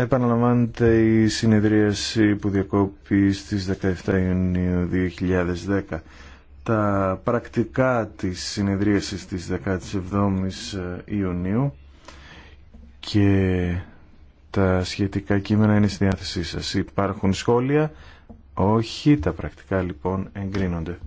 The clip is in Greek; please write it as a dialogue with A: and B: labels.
A: Επαναλαμβάνεται η συνεδρίαση που διακόπη στις 17 Ιουνίου 2010. Τα πρακτικά της συνεδρίασης της 17 Ιουνίου και τα σχετικά κείμενα είναι στη διάθεσή σας. Υπάρχουν σχόλια. Όχι, τα πρακτικά λοιπόν εγκρίνονται.